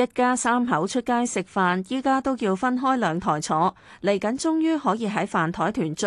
一家三口出街食飯，依家都要分開兩台坐，嚟緊終於可以喺飯台團聚。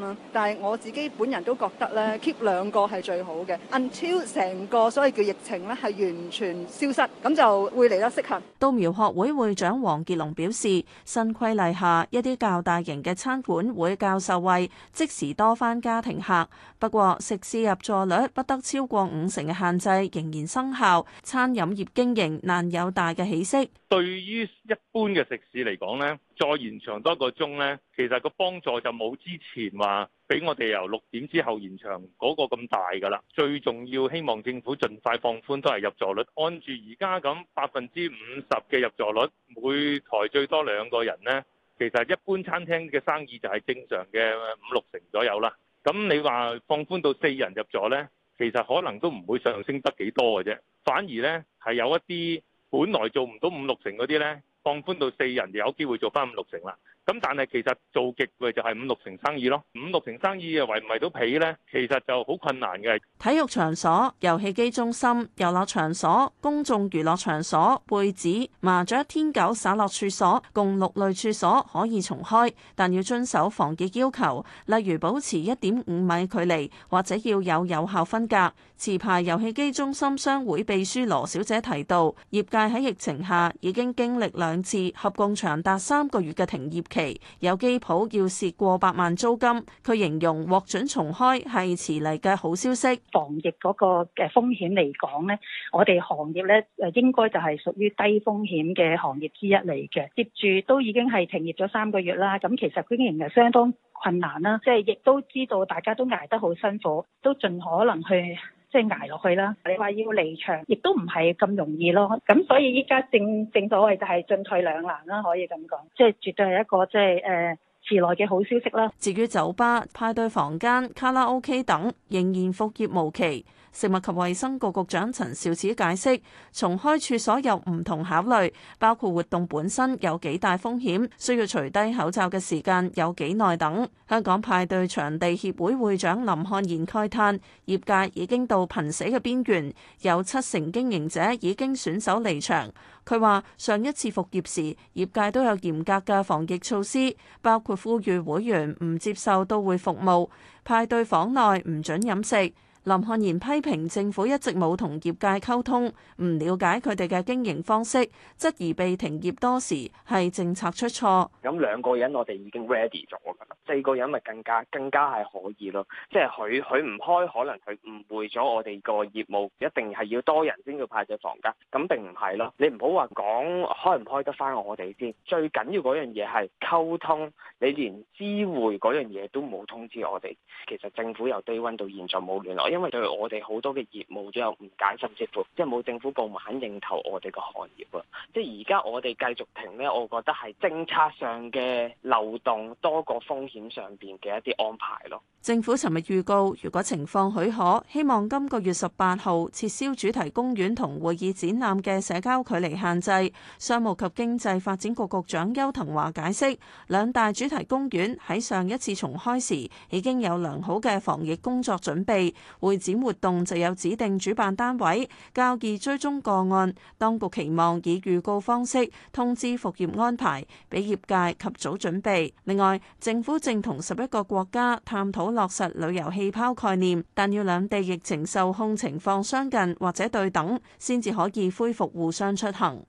但係我自己本人都覺得呢，keep 兩個係最好嘅，until 成個所謂叫疫情呢係完全消失，咁就會嚟得適合。稻苗學會會長黃傑龍表示，新規例下一啲較大型嘅餐館會較受惠，即時多翻家庭客。不過，食肆入座率不得超過五成嘅限制仍然生效，餐飲業經營難有大嘅起色。對於一般嘅食肆嚟講呢，再延長多個鐘呢，其實個幫助就冇之前話俾我哋由六點之後延長嗰個咁大㗎啦。最重要希望政府盡快放寬都係入座率，按住而家咁百分之五十嘅入座率，每台最多兩個人呢，其實一般餐廳嘅生意就係正常嘅五六成左右啦。咁你話放寬到四人入座呢，其實可能都唔會上升得幾多嘅啫，反而呢，係有一啲本來做唔到五六成嗰啲呢。放寬到四人就有機會做翻五六成啦。咁但係其實做極嘅就係五六成生意咯，五六成生意啊維唔維到皮呢？其實就好困難嘅。體育場所、遊戲機中心、遊樂場所、公眾娛樂場所、賭子、麻雀、天九、耍樂處所共六類處所可以重開，但要遵守防疫要求，例如保持一點五米距離或者要有有效分隔。持牌遊戲機中心商會秘書羅小姐提到，業界喺疫情下已經經歷兩次合共長達三個月嘅停業期。有機鋪要蝕過百萬租金，佢形容獲准重開係遲嚟嘅好消息。防疫嗰個嘅風險嚟講咧，我哋行業咧誒應該就係屬於低風險嘅行業之一嚟嘅。接住都已經係停業咗三個月啦，咁其實經營係相當困難啦，即係亦都知道大家都捱得好辛苦，都盡可能去。即係捱落去啦，你話要離場，亦都唔係咁容易咯。咁所以依家正正所謂就係進退兩難啦，可以咁講，即係絕對係一個即係誒遲來嘅好消息啦。至於酒吧、派對房間、卡拉 OK 等，仍然復業無期。食物及衛生局局長陳肇始解釋，重開處所有唔同考慮，包括活動本身有幾大風險，需要除低口罩嘅時間有幾耐等。香港派對場地協會會長林漢賢慨嘆，業界已經到瀕死嘅邊緣，有七成經營者已經選手離場。佢話：上一次復業時，業界都有嚴格嘅防疫措施，包括呼籲會員唔接受到會服務，派對房內唔准飲食。林漢炎批評政府一直冇同業界溝通，唔了解佢哋嘅經營方式，質疑被停業多時係政策出錯。咁兩個人我哋已經 ready 咗噶啦，四個人咪更加更加係可以咯。即係佢佢唔開，可能佢誤會咗我哋個業務一定係要多人先要派隻房間，咁並唔係咯。你唔好話講開唔開得翻我哋先，最緊要嗰樣嘢係溝通。你連知會嗰樣嘢都冇通知我哋，其實政府由 day one 到現在冇聯絡。因為對我哋好多嘅業務都有誤解，甚至乎即係冇政府部門肯認同我哋個行業啊！即係而家我哋繼續停呢，我覺得係政策上嘅漏洞多過風險上邊嘅一啲安排咯。政府尋日預告，如果情況許可，希望今個月十八號撤銷主題公園同會議展覽嘅社交距離限制。商務及經濟發展局局長邱騰華解釋，兩大主題公園喺上一次重開時已經有良好嘅防疫工作準備。會展活動就有指定主辦單位交易追蹤個案，當局期望以預告方式通知復業安排，俾業界及早準備。另外，政府正同十一個國家探討落實旅遊氣泡概念，但要兩地疫情受控情況相近或者對等，先至可以恢復互相出行。